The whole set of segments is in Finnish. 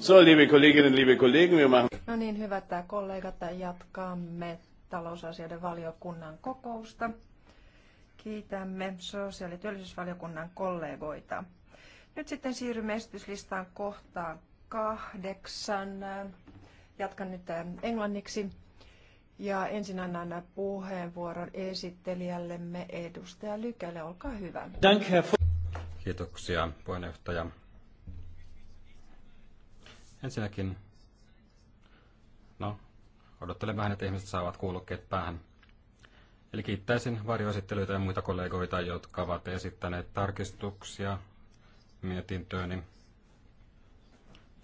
So, liebe Kolleginnen, liebe Kollegen, wir machen... No niin, hyvät kollegat, jatkamme talousasioiden valiokunnan kokousta. Kiitämme sosiaali- ja työllisyysvaliokunnan kollegoita. Nyt sitten siirrymme esityslistaan kohtaan kahdeksan. Jatkan nyt englanniksi. Ja ensin annan puheenvuoron esittelijällemme edustaja Lykälle. Olkaa hyvä. Kiitoksia puheenjohtaja. Ensinnäkin, no, odottelen vähän, että ihmiset saavat kuulokkeet päähän. Eli kiittäisin varjoesittelyitä ja muita kollegoita, jotka ovat esittäneet tarkistuksia mietintööni.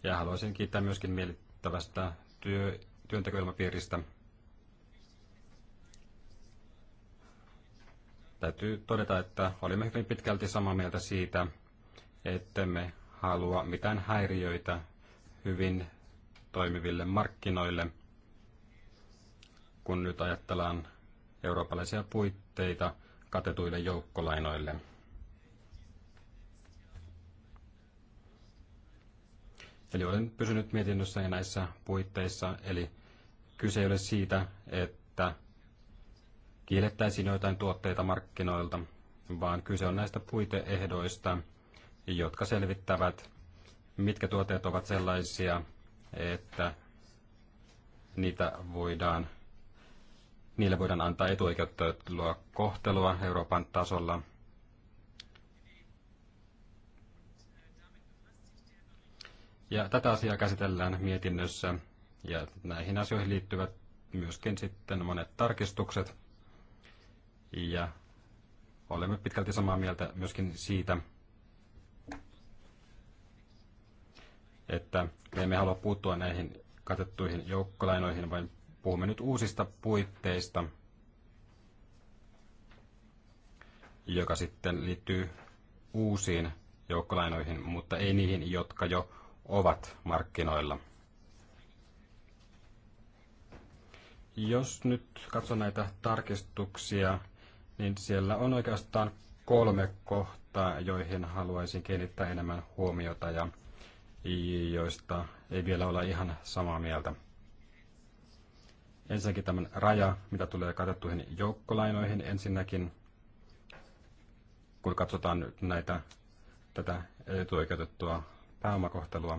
Ja haluaisin kiittää myöskin mielittävästä työ, työntekoilmapiiristä. Täytyy todeta, että olimme hyvin pitkälti samaa mieltä siitä, ettemme halua mitään häiriöitä hyvin toimiville markkinoille, kun nyt ajatellaan eurooppalaisia puitteita katetuille joukkolainoille. Eli olen pysynyt ja näissä puitteissa, eli kyse ei ole siitä, että kiellettäisiin joitain tuotteita markkinoilta, vaan kyse on näistä puiteehdoista, jotka selvittävät mitkä tuotteet ovat sellaisia, että niitä voidaan, niille voidaan antaa etuoikeutettua kohtelua Euroopan tasolla. Ja tätä asiaa käsitellään mietinnössä ja näihin asioihin liittyvät myöskin sitten monet tarkistukset. Ja olemme pitkälti samaa mieltä myöskin siitä, että me emme halua puuttua näihin katettuihin joukkolainoihin, vaan puhumme nyt uusista puitteista, joka sitten liittyy uusiin joukkolainoihin, mutta ei niihin, jotka jo ovat markkinoilla. Jos nyt katson näitä tarkistuksia, niin siellä on oikeastaan kolme kohtaa, joihin haluaisin kiinnittää enemmän huomiota ja joista ei vielä olla ihan samaa mieltä. Ensinnäkin tämän raja, mitä tulee katettuihin joukkolainoihin ensinnäkin, kun katsotaan nyt näitä, tätä etuoikeutettua pääomakohtelua.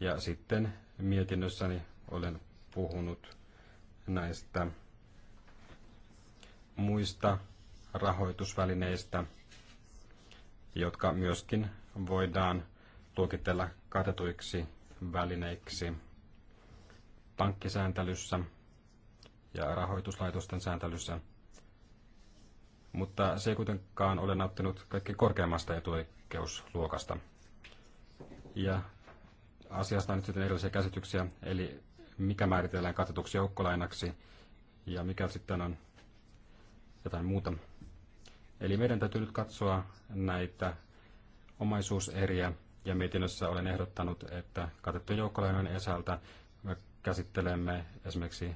Ja sitten mietinnössäni olen puhunut näistä muista rahoitusvälineistä, jotka myöskin voidaan luokitella katetuiksi välineiksi pankkisääntelyssä ja rahoituslaitosten sääntelyssä, mutta se ei kuitenkaan ole nauttinut kaikki korkeammasta etuoikeusluokasta. Ja asiasta on nyt sitten erilaisia käsityksiä, eli mikä määritellään katetuksi joukkolainaksi ja mikä sitten on jotain muuta. Eli meidän täytyy nyt katsoa näitä omaisuuseriä ja mietinnössä olen ehdottanut, että katettujen joukkolainojen esältä me käsittelemme esimerkiksi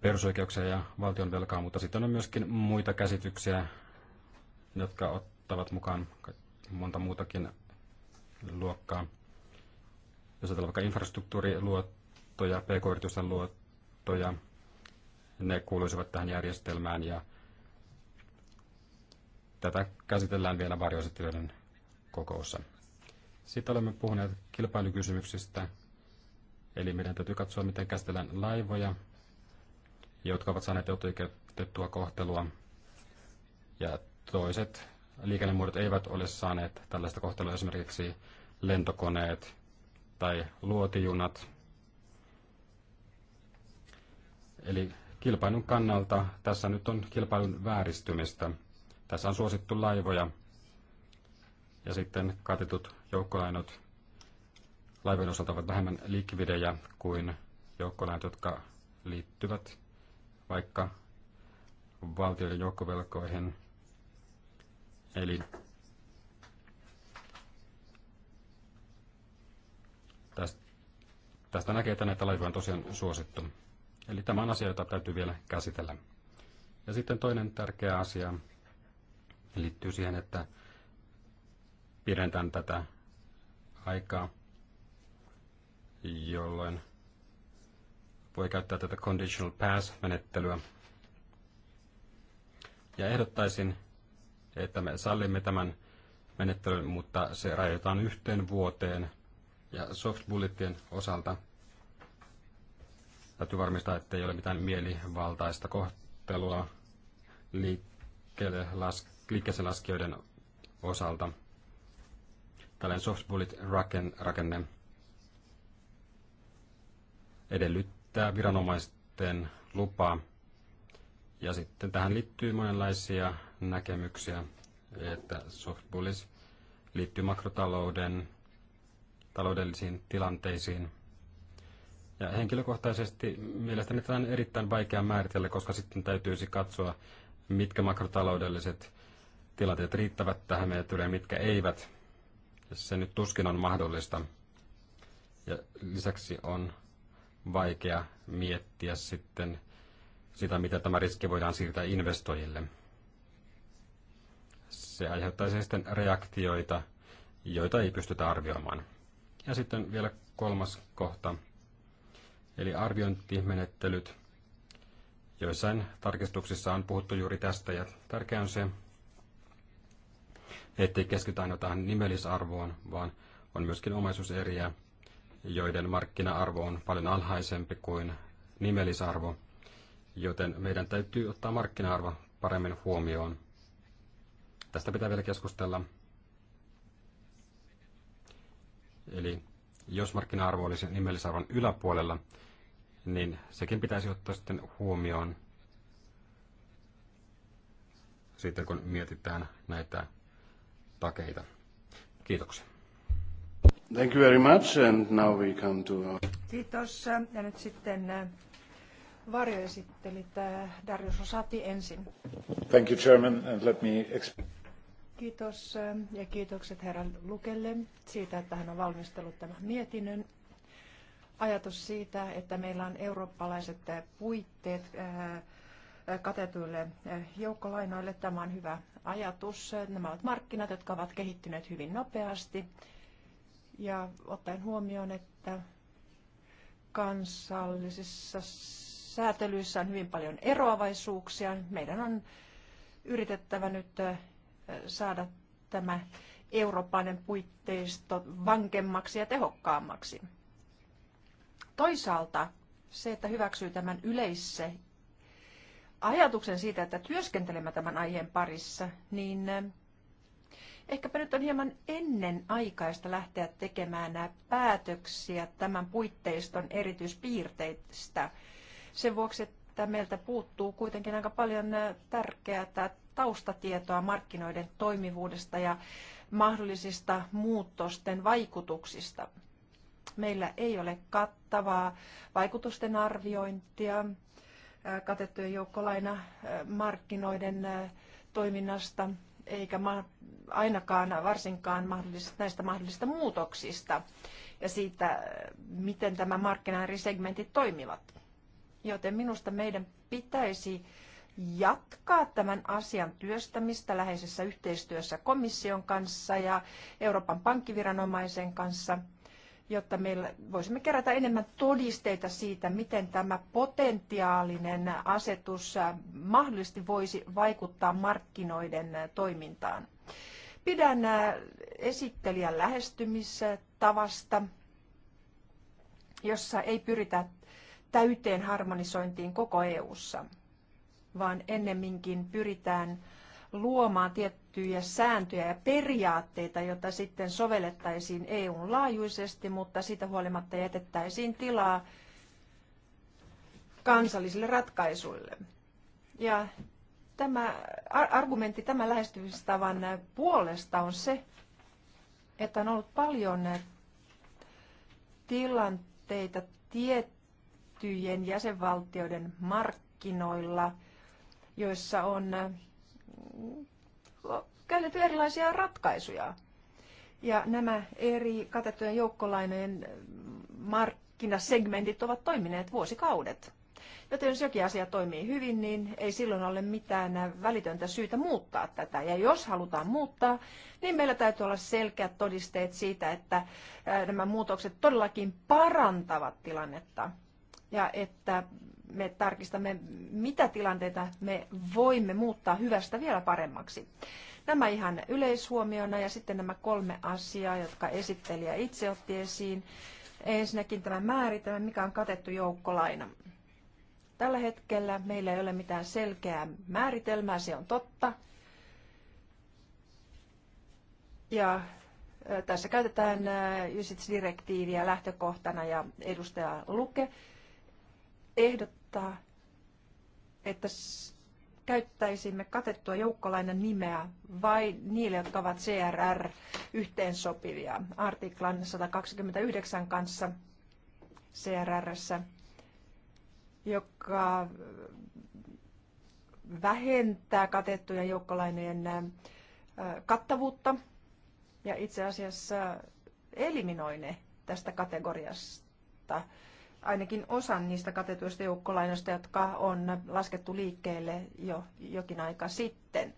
perusoikeuksia ja valtion velkaa, mutta sitten on myöskin muita käsityksiä, jotka ottavat mukaan monta muutakin luokkaa. Jos ajatellaan vaikka infrastruktuuriluottoja, pk-yritysten luottoja, ne kuuluisivat tähän järjestelmään ja tätä käsitellään vielä varjoesittelyiden kokoussa. Sitten olemme puhuneet kilpailukysymyksistä, eli meidän täytyy katsoa, miten käsitellään laivoja, jotka ovat saaneet etuoikeutettua kohtelua, ja toiset liikennemuodot eivät ole saaneet tällaista kohtelua, esimerkiksi lentokoneet tai luotijunat. Eli kilpailun kannalta tässä nyt on kilpailun vääristymistä. Tässä on suosittu laivoja, ja sitten katetut joukkolainot laivojen osalta ovat vähemmän likvidejä kuin joukkolainat, jotka liittyvät vaikka valtioiden joukkovelkoihin. Eli tästä, tästä näkee, että näitä laivoja on tosiaan suosittu. Eli tämä on asia, jota täytyy vielä käsitellä. Ja sitten toinen tärkeä asia liittyy siihen, että pidentän tätä aikaa, jolloin voi käyttää tätä conditional pass-menettelyä. Ja ehdottaisin, että me sallimme tämän menettelyn, mutta se rajoitetaan yhteen vuoteen. Ja soft bulletien osalta täytyy varmistaa, että ei ole mitään mielivaltaista kohtelua liikkeelle las, liikkeeseen laskijoiden osalta tällainen soft bullet rakenne edellyttää viranomaisten lupaa. Ja sitten tähän liittyy monenlaisia näkemyksiä, että soft bullet liittyy makrotalouden taloudellisiin tilanteisiin. Ja henkilökohtaisesti mielestäni tämä on erittäin vaikea määritellä, koska sitten täytyisi katsoa, mitkä makrotaloudelliset tilanteet riittävät tähän meidän mitkä eivät. Se nyt tuskin on mahdollista. Ja lisäksi on vaikea miettiä sitten sitä, mitä tämä riski voidaan siirtää investoijille. Se aiheuttaisi sitten reaktioita, joita ei pystytä arvioimaan. Ja sitten vielä kolmas kohta, eli arviointimenettelyt. Joissain tarkistuksissa on puhuttu juuri tästä, ja tärkeää on se, ettei keskitytä aina tähän nimellisarvoon, vaan on myöskin omaisuuseriä, joiden markkina-arvo on paljon alhaisempi kuin nimellisarvo, joten meidän täytyy ottaa markkina-arvo paremmin huomioon. Tästä pitää vielä keskustella. Eli jos markkina-arvo olisi nimellisarvon yläpuolella, niin sekin pitäisi ottaa sitten huomioon sitten kun mietitään näitä takeita. Kiitoksia. Thank you very much and now we come to our... Kiitos. Ja nyt sitten äh, varjoesitteli äh, Darius Rosati ensin. Thank you, Chairman, and let me Kiitos äh, ja kiitokset herra Lukelle siitä, että hän on valmistellut tämän mietinnön. Ajatus siitä, että meillä on eurooppalaiset puitteet äh, katetuille eh, joukkolainoille. Tämä on hyvä ajatus. Nämä ovat markkinat, jotka ovat kehittyneet hyvin nopeasti. Ja ottaen huomioon, että kansallisissa säätelyissä on hyvin paljon eroavaisuuksia, meidän on yritettävä nyt eh, saada tämä eurooppalainen puitteisto vankemmaksi ja tehokkaammaksi. Toisaalta se, että hyväksyy tämän yleisse ajatuksen siitä, että työskentelemme tämän aiheen parissa, niin eh, ehkäpä nyt on hieman ennen aikaista lähteä tekemään nämä päätöksiä tämän puitteiston erityispiirteistä. Sen vuoksi, että meiltä puuttuu kuitenkin aika paljon eh, tärkeää taustatietoa markkinoiden toimivuudesta ja mahdollisista muutosten vaikutuksista. Meillä ei ole kattavaa vaikutusten arviointia, katettujen joukkolainamarkkinoiden toiminnasta, eikä ainakaan varsinkaan mahdollisista, näistä mahdollisista muutoksista ja siitä, miten tämä markkina eri segmentit toimivat. Joten minusta meidän pitäisi jatkaa tämän asian työstämistä läheisessä yhteistyössä komission kanssa ja Euroopan pankkiviranomaisen kanssa – jotta meillä voisimme kerätä enemmän todisteita siitä, miten tämä potentiaalinen asetus mahdollisesti voisi vaikuttaa markkinoiden toimintaan. Pidän esittelijän lähestymistavasta, jossa ei pyritä täyteen harmonisointiin koko EU:ssa, vaan ennemminkin pyritään luomaan tiettyjä sääntöjä ja periaatteita, joita sitten sovellettaisiin EUn laajuisesti, mutta siitä huolimatta jätettäisiin tilaa kansallisille ratkaisuille. Ja tämä argumentti tämän lähestymistavan puolesta on se, että on ollut paljon tilanteita tiettyjen jäsenvaltioiden markkinoilla, joissa on käytetty erilaisia ratkaisuja. Ja nämä eri katettujen joukkolainojen markkinasegmentit ovat toimineet vuosikaudet. Joten jos jokin asia toimii hyvin, niin ei silloin ole mitään välitöntä syytä muuttaa tätä. Ja jos halutaan muuttaa, niin meillä täytyy olla selkeät todisteet siitä, että nämä muutokset todellakin parantavat tilannetta ja että me tarkistamme, mitä tilanteita me voimme muuttaa hyvästä vielä paremmaksi. Nämä ihan yleishuomiona ja sitten nämä kolme asiaa, jotka esittelijä itse otti esiin. Ensinnäkin tämä määritelmä, mikä on katettu joukkolaina. Tällä hetkellä meillä ei ole mitään selkeää määritelmää, se on totta. Ja tässä käytetään usage direktiiviä lähtökohtana ja edustaja Luke ehdot, ehdottaa, että käyttäisimme katettua joukkolainen nimeä vai niille, jotka ovat CRR yhteensopivia artiklan 129 kanssa CRRssä, joka vähentää katettujen joukkolainojen kattavuutta ja itse asiassa eliminoi ne tästä kategoriasta ainakin osan niistä katetuista joukkolainoista, jotka on laskettu liikkeelle jo jokin aika sitten.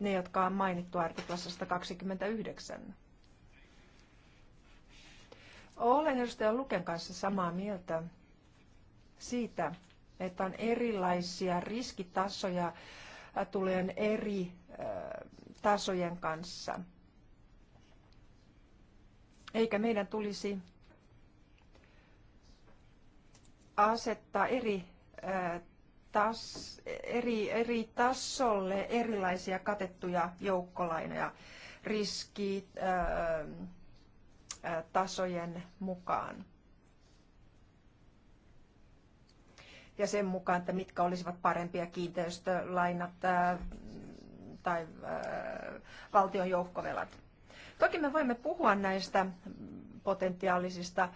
Ne, jotka on mainittu artiklassa 129. Olen edustaja Luken kanssa samaa mieltä siitä, että on erilaisia riskitasoja tulojen eri tasojen kanssa. Eikä meidän tulisi asettaa eri, tas, eri, eri tasolle erilaisia katettuja joukkolainoja riskitasojen mukaan. Ja sen mukaan, että mitkä olisivat parempia kiinteistölainat tai valtion joukkovelat. Toki me voimme puhua näistä potentiaalisista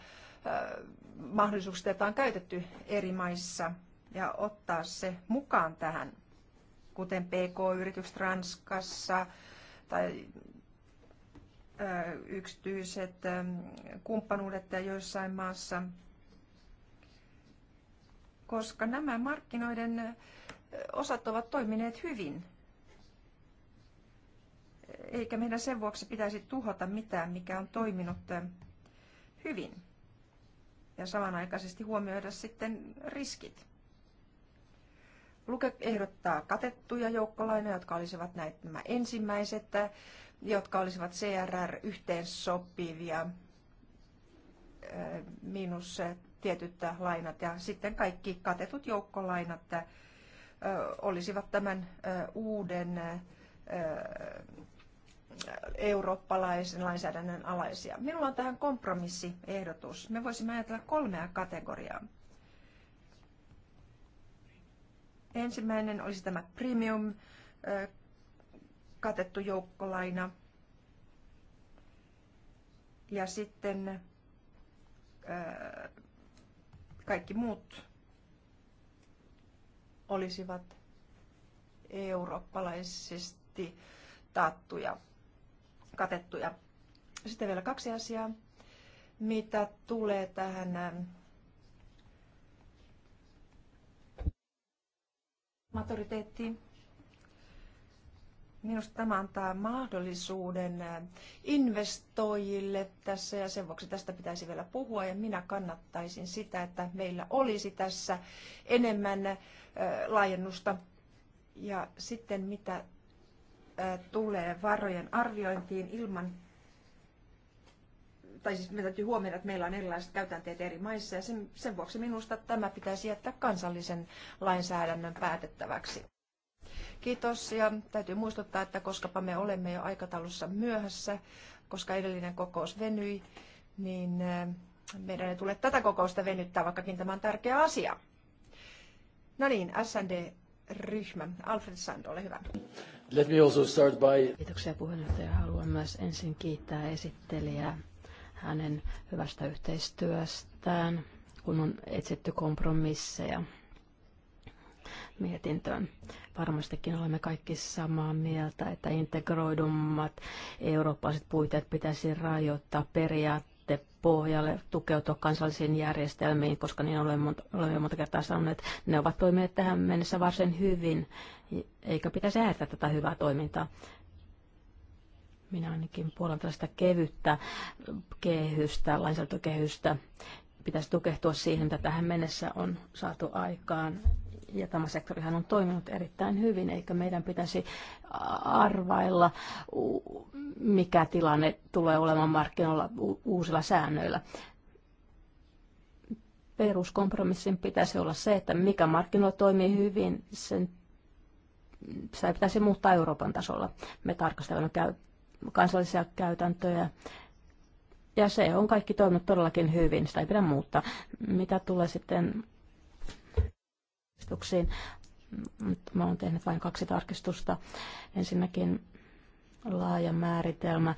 mahdollisuuksista, joita on käytetty eri maissa ja ottaa se mukaan tähän, kuten PK-yritykset Ranskassa tai yksityiset kumppanuudet joissain maassa, koska nämä markkinoiden osat ovat toimineet hyvin. Eikä meidän sen vuoksi pitäisi tuhota mitään, mikä on toiminut hyvin ja samanaikaisesti huomioida sitten riskit. Luke ehdottaa katettuja joukkolainoja, jotka olisivat näitä, nämä ensimmäiset, jotka olisivat CRR yhteensopivia miinus tietyt lainat ja sitten kaikki katetut joukkolainat olisivat tämän uuden eurooppalaisen lainsäädännön alaisia. Minulla on tähän kompromissiehdotus. Me voisimme ajatella kolmea kategoriaa. Ensimmäinen olisi tämä premium katettu joukkolaina. Ja sitten kaikki muut olisivat eurooppalaisesti taattuja katettuja. Sitten vielä kaksi asiaa, mitä tulee tähän ähm, maturiteettiin. Minusta tämä antaa mahdollisuuden äh, investoijille tässä ja sen vuoksi tästä pitäisi vielä puhua ja minä kannattaisin sitä, että meillä olisi tässä enemmän äh, laajennusta. Ja sitten mitä tulee varojen arviointiin ilman, tai siis me täytyy huomioida, että meillä on erilaiset käytänteet eri maissa ja sen, sen vuoksi minusta tämä pitäisi jättää kansallisen lainsäädännön päätettäväksi. Kiitos ja täytyy muistuttaa, että koskapa me olemme jo aikataulussa myöhässä, koska edellinen kokous venyi, niin meidän ei tule tätä kokousta venyttää, vaikkakin tämä on tärkeä asia. No niin, SND-ryhmä. Alfred Sand, ole hyvä. Let me also start by... Kiitoksia puheenjohtaja. Haluan myös ensin kiittää esittelijää hänen hyvästä yhteistyöstään, kun on etsitty kompromisseja mietintöön. Varmastikin olemme kaikki samaa mieltä, että integroidummat eurooppalaiset puitteet pitäisi rajoittaa periaatteessa pohjalle tukeutua kansallisiin järjestelmiin, koska niin olemme monta, olemme monta kertaa sanoneet, että ne ovat toimineet tähän mennessä varsin hyvin, eikä pitäisi häiritä tätä hyvää toimintaa. Minä ainakin puolan tällaista kevyttä kehystä, lainsäädäntökehystä. Pitäisi tukehtua siihen, mitä tähän mennessä on saatu aikaan ja tämä sektorihan on toiminut erittäin hyvin, eikä meidän pitäisi arvailla, mikä tilanne tulee olemaan markkinoilla uusilla säännöillä. Peruskompromissin pitäisi olla se, että mikä markkinoilla toimii hyvin, sen se pitäisi muuttaa Euroopan tasolla. Me tarkastelemme kansallisia käytäntöjä ja se on kaikki toiminut todellakin hyvin, sitä ei pidä muuttaa. Mitä tulee sitten Mä olen tehnyt vain kaksi tarkistusta. Ensinnäkin laaja määritelmä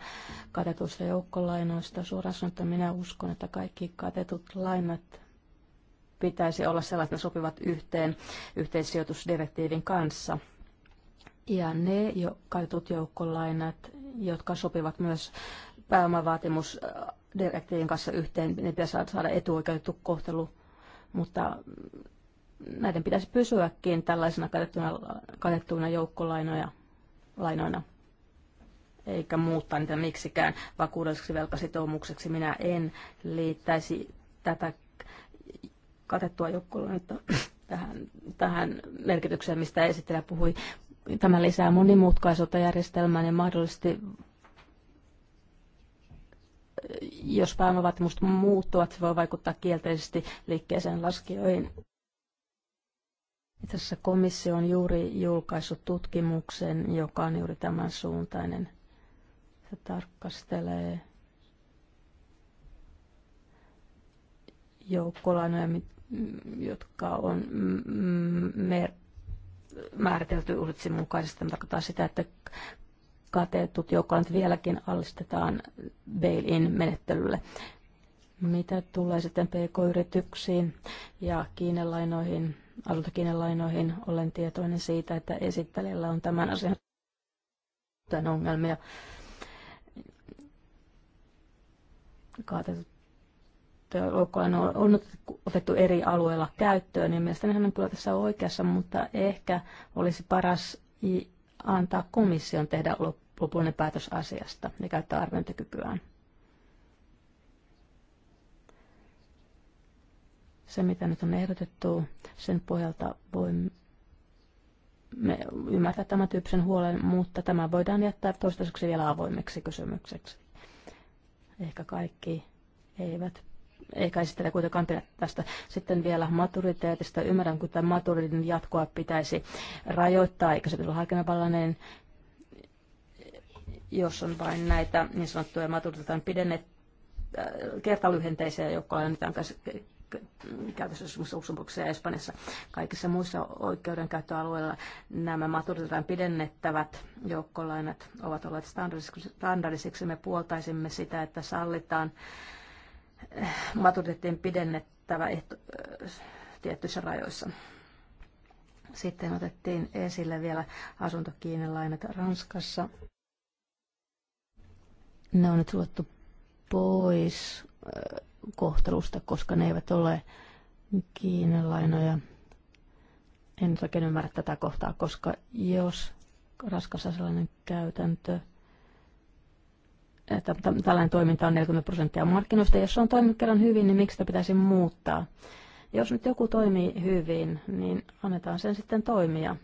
katetuista joukkolainoista. Suoraan sanottuna minä uskon, että kaikki katetut lainat pitäisi olla sellaiset, että ne sopivat yhteen yhteissijoitusdirektiivin kanssa. Ja ne jo katetut joukkolainat, jotka sopivat myös pääomavaatimusdirektiivin kanssa yhteen, ne pitäisi saada etuoikeutettu kohtelu mutta näiden pitäisi pysyäkin tällaisena katettuna, katettuna joukkolainoja, lainoina, eikä muuttaa niitä miksikään vakuudelliseksi velkasitoumukseksi. Minä en liittäisi tätä katettua joukkolainetta tähän, tähän merkitykseen, mistä esittelijä puhui. Tämä lisää monimutkaisuutta järjestelmään ja mahdollisesti jos pääomavaatimukset muuttuvat, se voi vaikuttaa kielteisesti liikkeeseen laskijoihin. Itse asiassa komissio on juuri julkaissut tutkimuksen, joka on juuri tämän suuntainen. Se tarkastelee joukkolainoja, jotka on mer- määritelty uuditsin mukaisesti. Tämä tarkoittaa sitä, että kateetut joukkolanat vieläkin allistetaan bail-in-menettelylle. Mitä tulee sitten pk-yrityksiin ja kiinelainoihin, lainoihin. Olen tietoinen siitä, että esittelijällä on tämän asian tämän ongelmia. Kaatetut on, on otettu eri alueilla käyttöön, niin mielestäni hän on kyllä tässä oikeassa, mutta ehkä olisi paras antaa komission tehdä lopullinen päätös asiasta ja käyttää arviointikykyään. Se, mitä nyt on ehdotettu, sen pohjalta voimme ymmärtää tämän tyyppisen huolen, mutta tämä voidaan jättää toistaiseksi vielä avoimeksi kysymykseksi. Ehkä kaikki eivät eikä esittele kuitenkaan pidä tästä. Sitten vielä maturiteetista. Ymmärrän, kun tämän maturitin jatkoa pitäisi rajoittaa, eikä se pitäisi olla harkinnanvallainen, jos on vain näitä niin sanottuja maturiteetan pidennet äh, kertalyhenteisiä, jotka annetaan niin käytössä luxemburgissa ja Espanjassa. Kaikissa muissa oikeudenkäyttöalueilla nämä maturitetaan pidennettävät joukkolainat ovat olleet standardisiksi. Me puoltaisimme sitä, että sallitaan eh, maturitettien pidennettävä ehto, eh, tiettyissä rajoissa. Sitten otettiin esille vielä asuntokiinelainat Ranskassa. Ne on nyt luettu pois eh, kohtelusta, koska ne eivät ole kiinalainoja. En oikein ymmärrä tätä kohtaa, koska jos raskas sellainen käytäntö, että tällainen toiminta on 40 prosenttia markkinoista, jos se on toiminut kerran hyvin, niin miksi sitä pitäisi muuttaa? Jos nyt joku toimii hyvin, niin annetaan sen sitten toimia.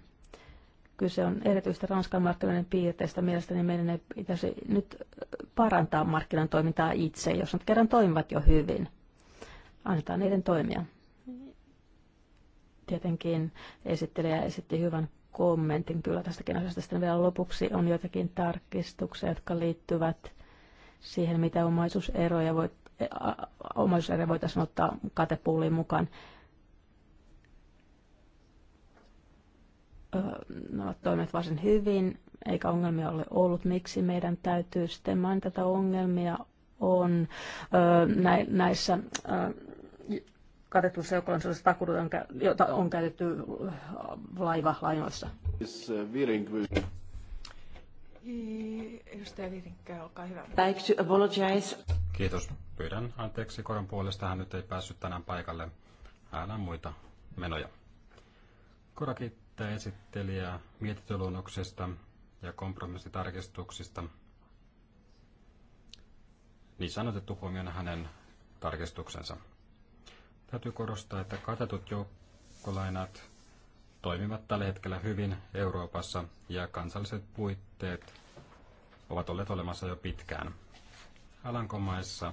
Kyse on erityisesti Ranskan markkinoiden piirteistä. Mielestäni meidän ei pitäisi nyt parantaa markkinan toimintaa itse, jos nyt kerran toimivat jo hyvin. Annetaan niiden toimia. Tietenkin esittelijä esitti hyvän kommentin kyllä tästäkin asiasta. Sitten vielä lopuksi on joitakin tarkistuksia, jotka liittyvät siihen, mitä omaisuuseroja voi, omaisuuseroja voitaisiin ottaa katepuuliin mukaan. ovat toimineet varsin hyvin, eikä ongelmia ole ollut. Miksi meidän täytyy sitten mainita ongelmia on näissä katetuissa joukollisuudessa takuudut, jota on käytetty laiva lainoissa. Edustaja Virinkkä, olkaa hyvä. Like to apologize. Kiitos. Pyydän anteeksi koron puolesta. Hän nyt ei päässyt tänään paikalle. Älä muita menoja. Kora kiittää kiittää esittelijää mietintöluonnoksesta ja kompromissitarkistuksista. Niin sanotettu otettu huomioon hänen tarkistuksensa. Täytyy korostaa, että katetut joukkolainat toimivat tällä hetkellä hyvin Euroopassa ja kansalliset puitteet ovat olleet olemassa jo pitkään. Alankomaissa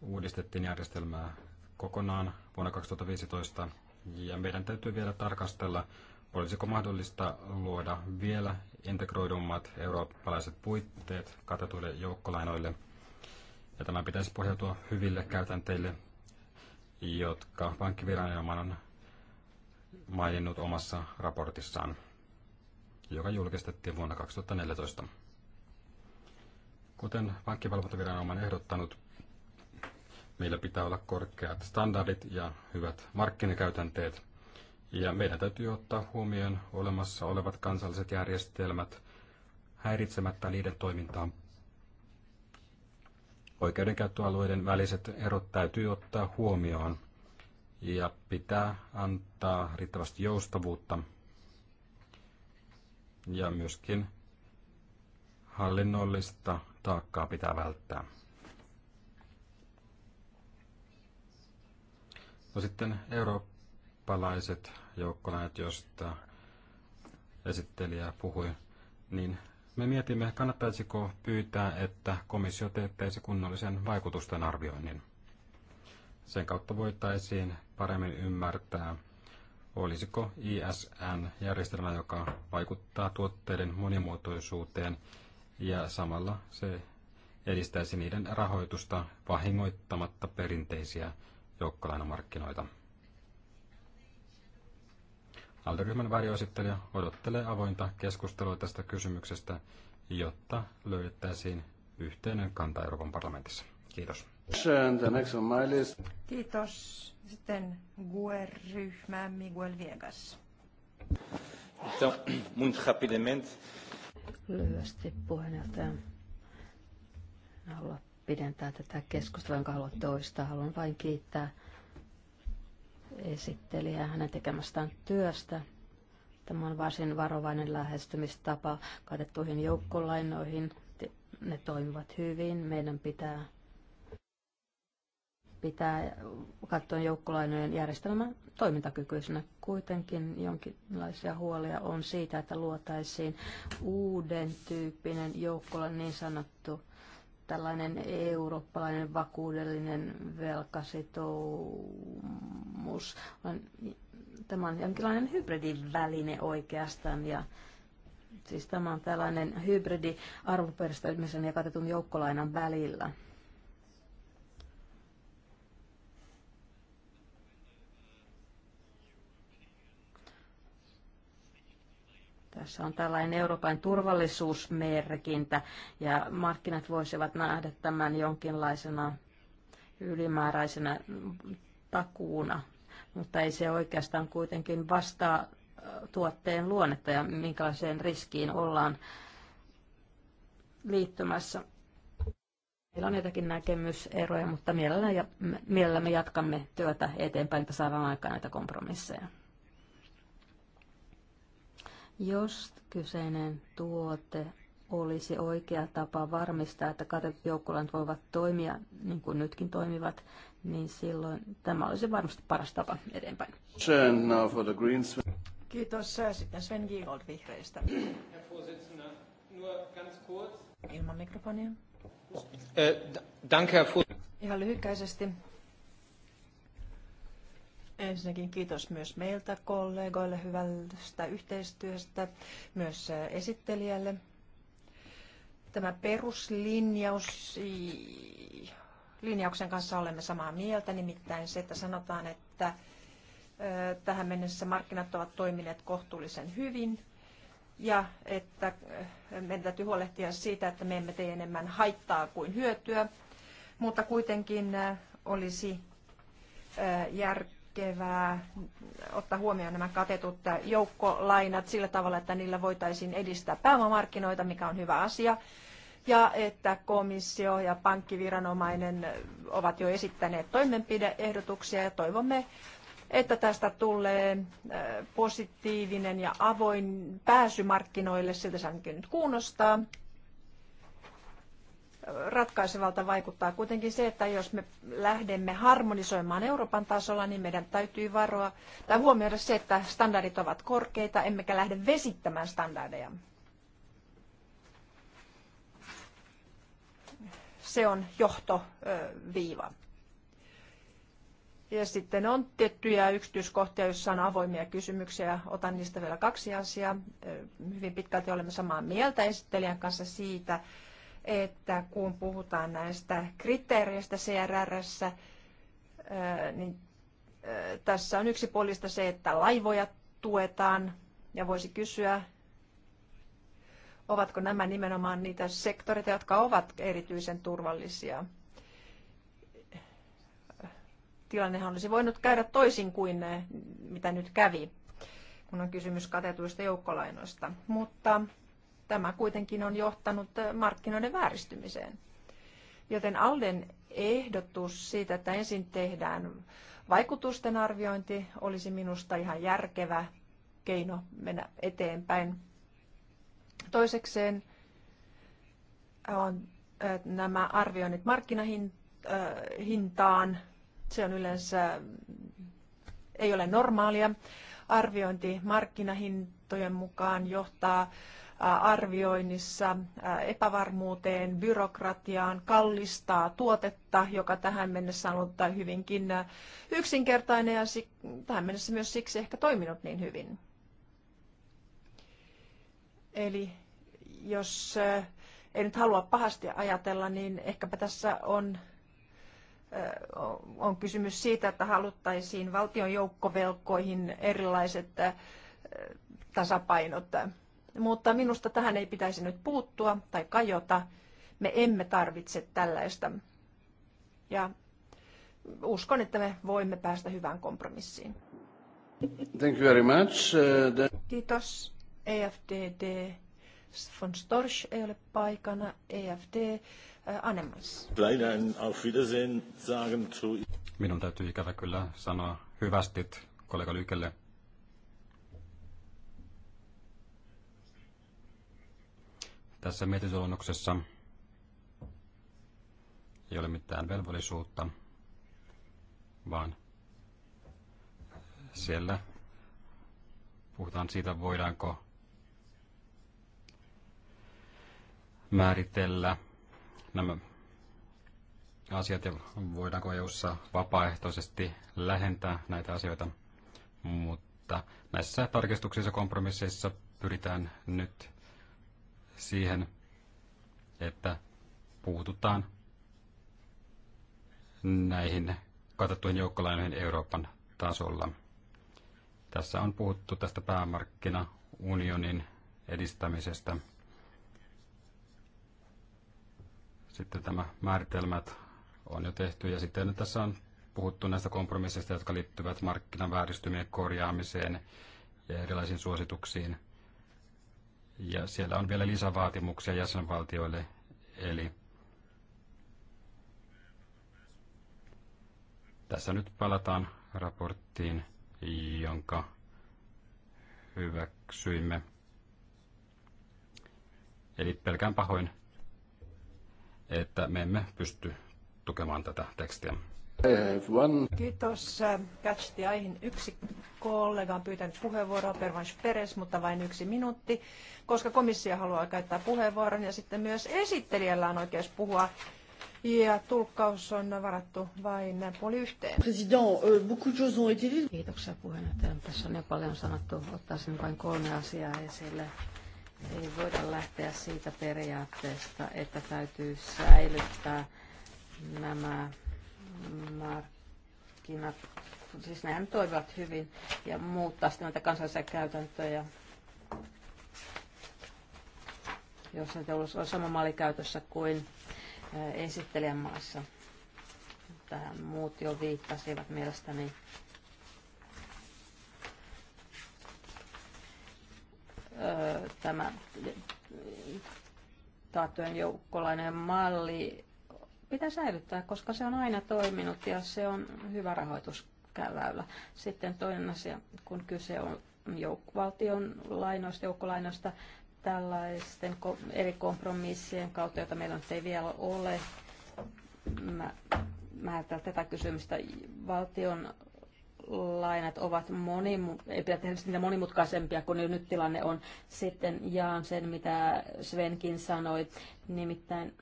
uudistettiin järjestelmää kokonaan vuonna 2015 ja meidän täytyy vielä tarkastella, olisiko mahdollista luoda vielä integroidummat eurooppalaiset puitteet katetuille joukkolainoille. Ja tämä pitäisi pohjautua hyville käytänteille, jotka pankkiviranomainen on maininnut omassa raportissaan, joka julkistettiin vuonna 2014. Kuten pankkivalvontaviranomainen ehdottanut, Meillä pitää olla korkeat standardit ja hyvät markkinakäytänteet. Ja meidän täytyy ottaa huomioon olemassa olevat kansalliset järjestelmät häiritsemättä niiden toimintaa. Oikeudenkäyttöalueiden väliset erot täytyy ottaa huomioon ja pitää antaa riittävästi joustavuutta ja myöskin hallinnollista taakkaa pitää välttää. No sitten eurooppalaiset joukkolainet, joista esittelijä puhui, niin me mietimme, kannattaisiko pyytää, että komissio teettäisi kunnollisen vaikutusten arvioinnin. Sen kautta voitaisiin paremmin ymmärtää, olisiko ISN-järjestelmä, joka vaikuttaa tuotteiden monimuotoisuuteen ja samalla se edistäisi niiden rahoitusta vahingoittamatta perinteisiä joukkolainamarkkinoita. Alderyhmän varjoesittelijä odottelee avointa keskustelua tästä kysymyksestä, jotta löydettäisiin yhteinen kanta Euroopan parlamentissa. Kiitos. Kiitos. Sitten GUE-ryhmä Miguel Viegas. Lyhyesti puheenjohtaja. En halua pidentää tätä keskustelua, jonka haluan toistaa. Haluan vain kiittää esittelijää hänen tekemästään työstä. Tämä on varsin varovainen lähestymistapa katettuihin joukkolainoihin. Ne toimivat hyvin. Meidän pitää pitää katsoa joukkolainojen järjestelmän toimintakykyisenä. Kuitenkin jonkinlaisia huolia on siitä, että luotaisiin uuden tyyppinen joukkolainen niin sanottu tällainen eurooppalainen vakuudellinen velkasitoumus. Tämä on jonkinlainen hybridiväline oikeastaan ja siis tämä on tällainen hybridi arvoperäistämisen ja katetun joukkolainan välillä. Tässä on tällainen Euroopan turvallisuusmerkintä ja markkinat voisivat nähdä tämän jonkinlaisena ylimääräisenä takuuna, mutta ei se oikeastaan kuitenkin vastaa tuotteen luonnetta ja minkälaiseen riskiin ollaan liittymässä. Meillä on jotakin näkemyseroja, mutta ja, mielellämme jatkamme työtä eteenpäin, että saadaan aikaan näitä kompromisseja. Jos kyseinen tuote olisi oikea tapa varmistaa, että katejoukkolat voivat toimia niin kuin nytkin toimivat, niin silloin tämä olisi varmasti paras tapa eteenpäin. Kiitos. Sitten Sven Giegold vihreistä. Ilman mikrofonia. Äh, Ihan lyhykäisesti. Ensinnäkin kiitos myös meiltä kollegoille hyvästä yhteistyöstä, myös esittelijälle. Tämä peruslinjaus, linjauksen kanssa olemme samaa mieltä, nimittäin se, että sanotaan, että tähän mennessä markkinat ovat toimineet kohtuullisen hyvin ja että meidän täytyy huolehtia siitä, että me emme tee enemmän haittaa kuin hyötyä, mutta kuitenkin olisi järkeä järkevää ottaa huomioon nämä katetut joukkolainat sillä tavalla, että niillä voitaisiin edistää pääomamarkkinoita, mikä on hyvä asia. Ja että komissio ja pankkiviranomainen ovat jo esittäneet toimenpideehdotuksia ja toivomme, että tästä tulee äh, positiivinen ja avoin pääsy markkinoille, siltä se nyt kuunnostaa ratkaisevalta vaikuttaa kuitenkin se, että jos me lähdemme harmonisoimaan Euroopan tasolla, niin meidän täytyy varoa tai huomioida se, että standardit ovat korkeita, emmekä lähde vesittämään standardeja. Se on johtoviiva. Ja sitten on tiettyjä yksityiskohtia, joissa on avoimia kysymyksiä. Otan niistä vielä kaksi asiaa. Hyvin pitkälti olemme samaa mieltä esittelijän kanssa siitä, että kun puhutaan näistä kriteereistä CRRssä, niin tässä on yksi puolista se, että laivoja tuetaan ja voisi kysyä, ovatko nämä nimenomaan niitä sektoreita, jotka ovat erityisen turvallisia. Tilannehan olisi voinut käydä toisin kuin ne, mitä nyt kävi, kun on kysymys katetuista joukkolainoista. Mutta tämä kuitenkin on johtanut eh, markkinoiden vääristymiseen. Joten Alden ehdotus siitä, että ensin tehdään vaikutusten arviointi, olisi minusta ihan järkevä keino mennä eteenpäin. Toisekseen eh, on eh, nämä arvioinnit markkinahintaan. Se on yleensä, ei ole normaalia. Arviointi markkinahintojen mukaan johtaa arvioinnissa epävarmuuteen, byrokratiaan, kallistaa tuotetta, joka tähän mennessä on ollut hyvinkin yksinkertainen ja tähän mennessä myös siksi ehkä toiminut niin hyvin. Eli jos ei nyt halua pahasti ajatella, niin ehkäpä tässä on, on kysymys siitä, että haluttaisiin valtion joukkovelkoihin erilaiset tasapainot. Mutta minusta tähän ei pitäisi nyt puuttua tai kajota. Me emme tarvitse tällaista. Ja uskon, että me voimme päästä hyvään kompromissiin. Thank you very much. Uh, the... Kiitos. EFDD von Storch ei ole paikana. EFD äh, Anemans. Minun täytyy ikävä kyllä sanoa hyvästit kollega Lykelle Tässä mietintöluonnoksessa ei ole mitään velvollisuutta, vaan siellä puhutaan siitä, voidaanko määritellä nämä asiat ja voidaanko EUssa vapaaehtoisesti lähentää näitä asioita, mutta näissä tarkistuksissa kompromisseissa pyritään nyt siihen, että puututaan näihin katettuihin joukkolainoihin Euroopan tasolla. Tässä on puhuttu tästä päämarkkinaunionin edistämisestä. Sitten tämä määritelmät on jo tehty ja sitten tässä on puhuttu näistä kompromisseista, jotka liittyvät markkinan vääristymien korjaamiseen ja erilaisiin suosituksiin – ja siellä on vielä lisävaatimuksia jäsenvaltioille, eli tässä nyt palataan raporttiin, jonka hyväksyimme. Eli pelkään pahoin, että me emme pysty tukemaan tätä tekstiä. Kiitos. Catch äh, the yksi kollega on pyytänyt puheenvuoroa, Pervans Peres, mutta vain yksi minuutti, koska komissio haluaa käyttää puheenvuoron ja sitten myös esittelijällä on oikeus puhua. Ja tulkkaus on varattu vain puoli yhteen. President, euh, beaucoup de choses ont été dites. Kiitoksia puheenjohtaja. Tässä on jo paljon sanottu. Ottaisin vain kolme asiaa esille. Ei voida lähteä siitä periaatteesta, että täytyy säilyttää nämä markkinat, siis nehän toivat hyvin ja muuttaa sitten näitä kansallisia käytäntöjä. Jos nyt olisi sama malli käytössä kuin eh, esittelijän maassa. Tähän muut jo viittasivat mielestäni. Eh, tämä taattujen joukkolainen malli pitää säilyttää, koska se on aina toiminut ja se on hyvä rahoitusväylä. Sitten toinen asia, kun kyse on jouk- valtion lainoista, joukkolainoista, tällaisten eri kompromissien kautta, joita meillä nyt ei vielä ole, mä, mä tätä kysymystä. Valtion lainat ovat moni, ei pidä tehdä niitä monimutkaisempia kun nyt tilanne on. Sitten jaan sen, mitä Svenkin sanoi, nimittäin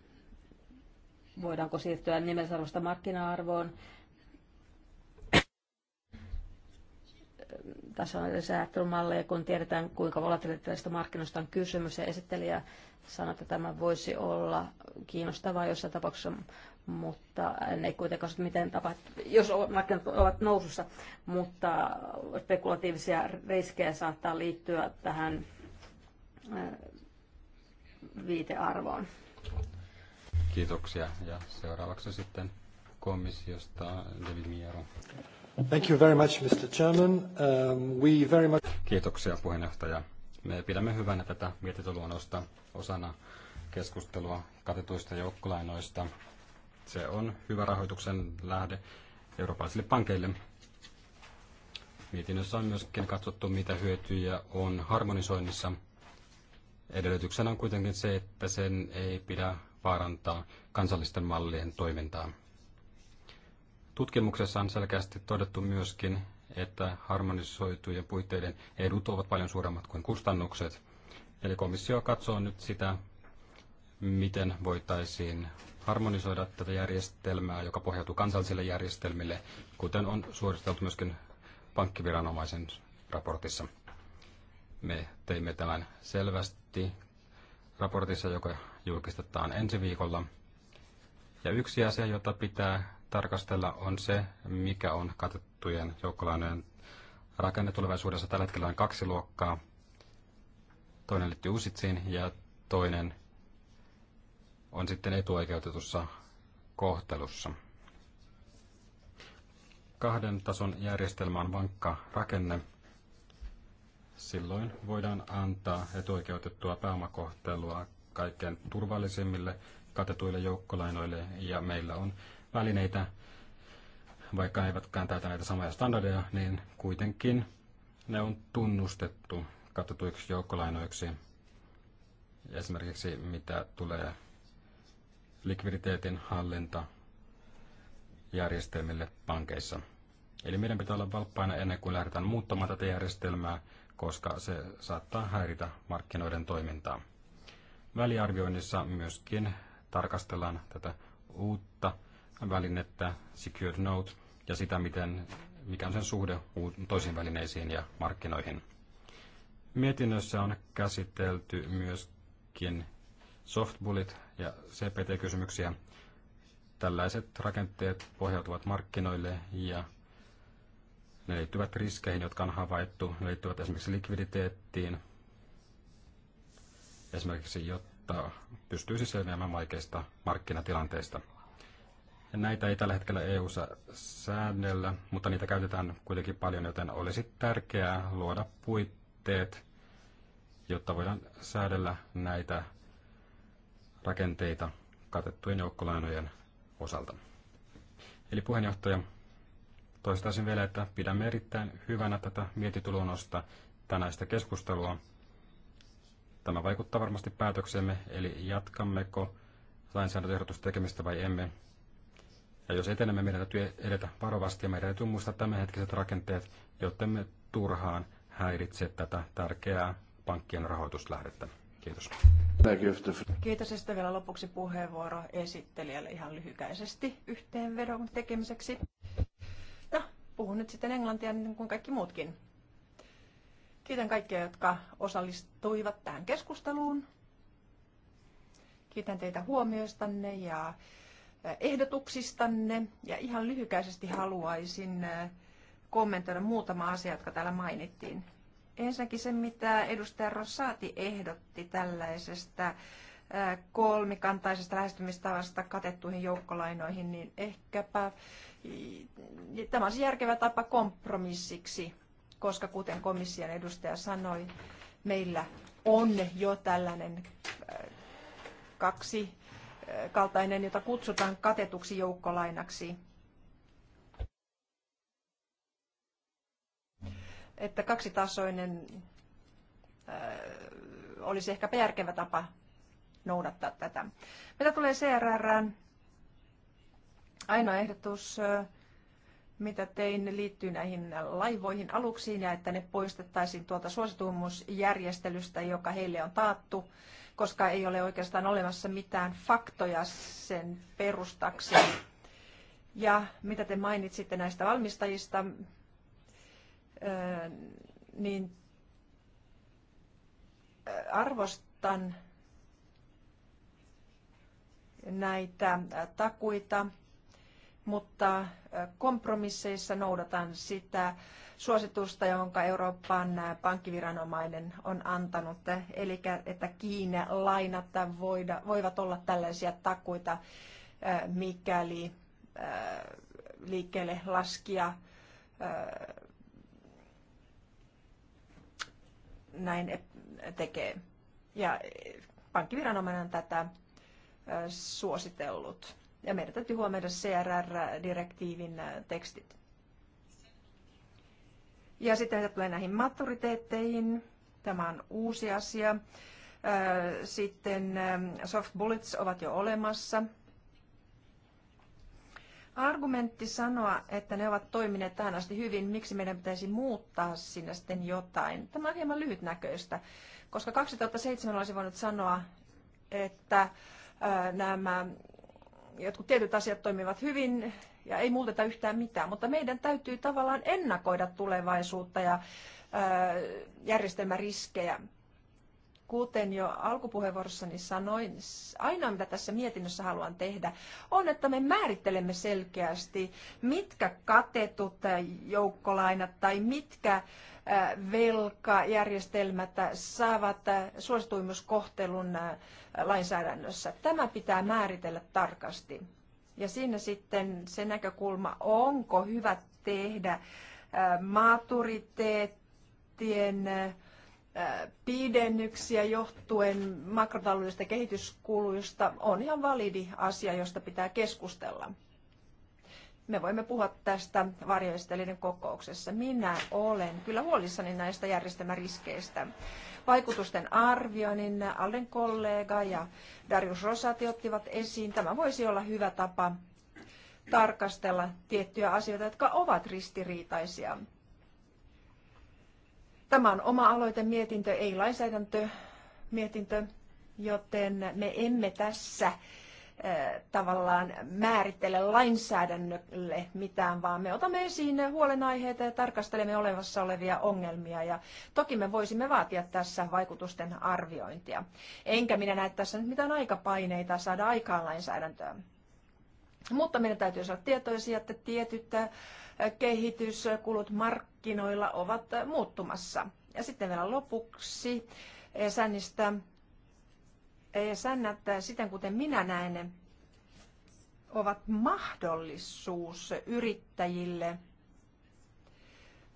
voidaanko siirtyä nimellisarvosta markkina-arvoon. Tässä on edes ajattelumalleja, kun tiedetään, kuinka volatiliteettisesta markkinoista on kysymys. Ja esittelijä sanoi, että tämä voisi olla kiinnostavaa jossain tapauksessa, mutta ei kuitenkaan miten tapahtuu, jos markkinat ovat nousussa, mutta spekulatiivisia riskejä saattaa liittyä tähän viitearvoon. Kiitoksia. Ja seuraavaksi sitten komissiosta David Miero. Thank you very much, Mr. Chairman. Um, we very much... Kiitoksia puheenjohtaja. Me pidämme hyvänä tätä mietintöluonnosta osana keskustelua katetuista joukkolainoista. Se on hyvä rahoituksen lähde eurooppalaisille pankeille. Mietinnössä on myöskin katsottu, mitä hyötyjä on harmonisoinnissa. Edellytyksenä on kuitenkin se, että sen ei pidä vaarantaa kansallisten mallien toimintaa. Tutkimuksessa on selkeästi todettu myöskin, että harmonisoitujen puitteiden edut ovat paljon suuremmat kuin kustannukset. Eli komissio katsoo nyt sitä, miten voitaisiin harmonisoida tätä järjestelmää, joka pohjautuu kansallisille järjestelmille, kuten on suoristeltu myöskin pankkiviranomaisen raportissa. Me teimme tämän selvästi raportissa, joka julkistetaan ensi viikolla. Ja yksi asia, jota pitää tarkastella, on se, mikä on katettujen joukkolainojen rakenne tulevaisuudessa. Tällä hetkellä on kaksi luokkaa. Toinen liittyy usitsiin ja toinen on sitten etuoikeutetussa kohtelussa. Kahden tason järjestelmä on vankka rakenne. Silloin voidaan antaa etuoikeutettua pääomakohtelua kaikkein turvallisimmille katetuille joukkolainoille ja meillä on välineitä, vaikka ne eivätkään täytä näitä samoja standardeja, niin kuitenkin ne on tunnustettu katetuiksi joukkolainoiksi. Esimerkiksi mitä tulee likviditeetin hallinta järjestelmille pankeissa. Eli meidän pitää olla valppaina ennen kuin lähdetään muuttamaan tätä järjestelmää, koska se saattaa häiritä markkinoiden toimintaa väliarvioinnissa myöskin tarkastellaan tätä uutta välinettä Secured Note ja sitä, miten, mikä on sen suhde toisiin välineisiin ja markkinoihin. Mietinnössä on käsitelty myöskin softbullet ja CPT-kysymyksiä. Tällaiset rakenteet pohjautuvat markkinoille ja ne liittyvät riskeihin, jotka on havaittu. Ne liittyvät esimerkiksi likviditeettiin, esimerkiksi jotta pystyisi selviämään vaikeista markkinatilanteista. Näitä ei tällä hetkellä EU-ssa säännellä, mutta niitä käytetään kuitenkin paljon, joten olisi tärkeää luoda puitteet, jotta voidaan säädellä näitä rakenteita katettujen joukkolainojen osalta. Eli puheenjohtaja, toistaisin vielä, että pidämme erittäin hyvänä tätä mietitulonosta tänäistä keskustelua Tämä vaikuttaa varmasti päätöksemme, eli jatkammeko lainsäädäntöehdotusta tekemistä vai emme. Ja jos etenemme, meidän täytyy edetä varovasti ja meidän täytyy muistaa tämänhetkiset rakenteet, jotta me turhaan häiritse tätä tärkeää pankkien rahoituslähdettä. Kiitos. Kiitos ja vielä lopuksi puheenvuoro esittelijälle ihan lyhykäisesti yhteenvedon tekemiseksi. No, puhun nyt sitten englantia niin kuin kaikki muutkin. Kiitän kaikkia, jotka osallistuivat tähän keskusteluun. Kiitän teitä huomioistanne ja ehdotuksistanne. Ja ihan lyhykäisesti haluaisin kommentoida muutama asia, jotka täällä mainittiin. Ensinnäkin se, mitä edustaja Rossaati ehdotti tällaisesta kolmikantaisesta lähestymistavasta katettuihin joukkolainoihin, niin ehkäpä tämä olisi järkevä tapa kompromissiksi koska kuten komission edustaja sanoi, meillä on jo tällainen äh, kaksi äh, kaltainen, jota kutsutaan katetuksi joukkolainaksi. Että kaksitasoinen äh, olisi ehkä järkevä tapa noudattaa tätä. Mitä tulee CRR, ainoa ehdotus mitä tein liittyy näihin laivoihin aluksiin ja että ne poistettaisiin tuolta suosituimmuusjärjestelystä, joka heille on taattu, koska ei ole oikeastaan olemassa mitään faktoja sen perustaksi. Ja mitä te mainitsitte näistä valmistajista, niin arvostan näitä takuita mutta kompromisseissa noudatan sitä suositusta, jonka Euroopan pankkiviranomainen on antanut, eli että Kiina lainat voivat olla tällaisia takuita, mikäli liikkeelle laskija näin tekee. Ja pankkiviranomainen on tätä suositellut. Ja meidän täytyy huomioida CRR-direktiivin äh, tekstit. Ja sitten mitä tulee näihin maturiteetteihin, tämä on uusi asia. Äh, sitten ähm, soft bullets ovat jo olemassa. Argumentti sanoa, että ne ovat toimineet tähän asti hyvin, miksi meidän pitäisi muuttaa sinne sitten jotain. Tämä on hieman lyhytnäköistä, koska 2007 olisi voinut sanoa, että äh, nämä jotkut tietyt asiat toimivat hyvin ja ei muuteta yhtään mitään, mutta meidän täytyy tavallaan ennakoida tulevaisuutta ja järjestelmäriskejä kuten jo alkupuheenvuorossani sanoin, ainoa mitä tässä mietinnössä haluan tehdä on, että me määrittelemme selkeästi, mitkä katetut joukkolainat tai mitkä velkajärjestelmät saavat suosituimuskohtelun lainsäädännössä. Tämä pitää määritellä tarkasti. Ja siinä sitten se näkökulma, onko hyvä tehdä maturiteettien pidennyksiä johtuen makrotaloudellisista kehityskuluista on ihan validi asia, josta pitää keskustella. Me voimme puhua tästä varjoistelijan kokouksessa. Minä olen kyllä huolissani näistä järjestelmäriskeistä. Vaikutusten arvioinnin Alden kollega ja Darius Rosati ottivat esiin. Tämä voisi olla hyvä tapa tarkastella tiettyjä asioita, jotka ovat ristiriitaisia Tämä on oma aloite mietintö, ei lainsäädäntömietintö, mietintö, joten me emme tässä tavallaan määrittele lainsäädännölle mitään, vaan me otamme esiin huolenaiheita ja tarkastelemme olevassa olevia ongelmia. Ja toki me voisimme vaatia tässä vaikutusten arviointia. Enkä minä näe tässä nyt mitään aikapaineita saada aikaan lainsäädäntöä. Mutta meidän täytyy olla tietoisia, että tietyt kehityskulut markkinoilla ovat muuttumassa. Ja sitten vielä lopuksi ESNistä. ESN, siten kuten minä näen, ovat mahdollisuus yrittäjille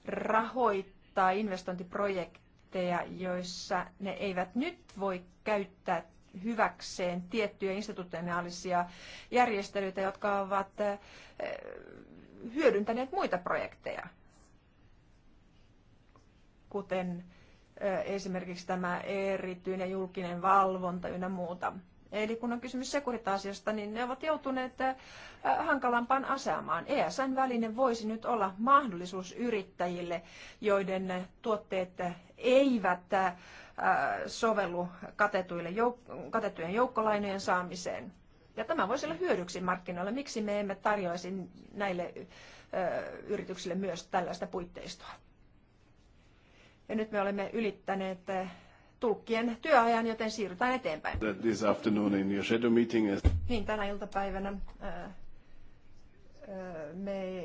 rahoittaa investointiprojekteja, joissa ne eivät nyt voi käyttää hyväkseen tiettyjä institutionaalisia järjestelyitä, jotka ovat eh, hyödyntäneet muita projekteja, kuten esimerkiksi tämä erityinen julkinen valvonta ynnä muuta. Eli kun on kysymys sekuritaasiasta, niin ne ovat joutuneet hankalampaan asemaan. ESN väline voisi nyt olla mahdollisuus yrittäjille, joiden tuotteet eivät sovellu katetujen joukkolainojen saamiseen. Ja tämä voisi olla hyödyksi markkinoille, Miksi me emme tarjoaisi näille ö, yrityksille myös tällaista puitteistoa? Ja nyt me olemme ylittäneet tulkkien työajan, joten siirrytään eteenpäin. That this afternoon in your shadow meeting is... Niin, tänä iltapäivänä me,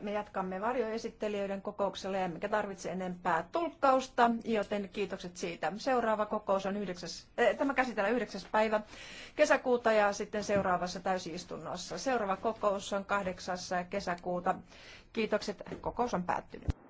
me jatkamme varjoesittelijöiden kokouksella ja mikä tarvitse enempää tulkkausta, joten kiitokset siitä. Seuraava kokous on 9, eh, tämä käsitellään 9. päivä kesäkuuta ja sitten seuraavassa täysistunnossa. Seuraava kokous on 8. kesäkuuta. Kiitokset, kokous on päättynyt.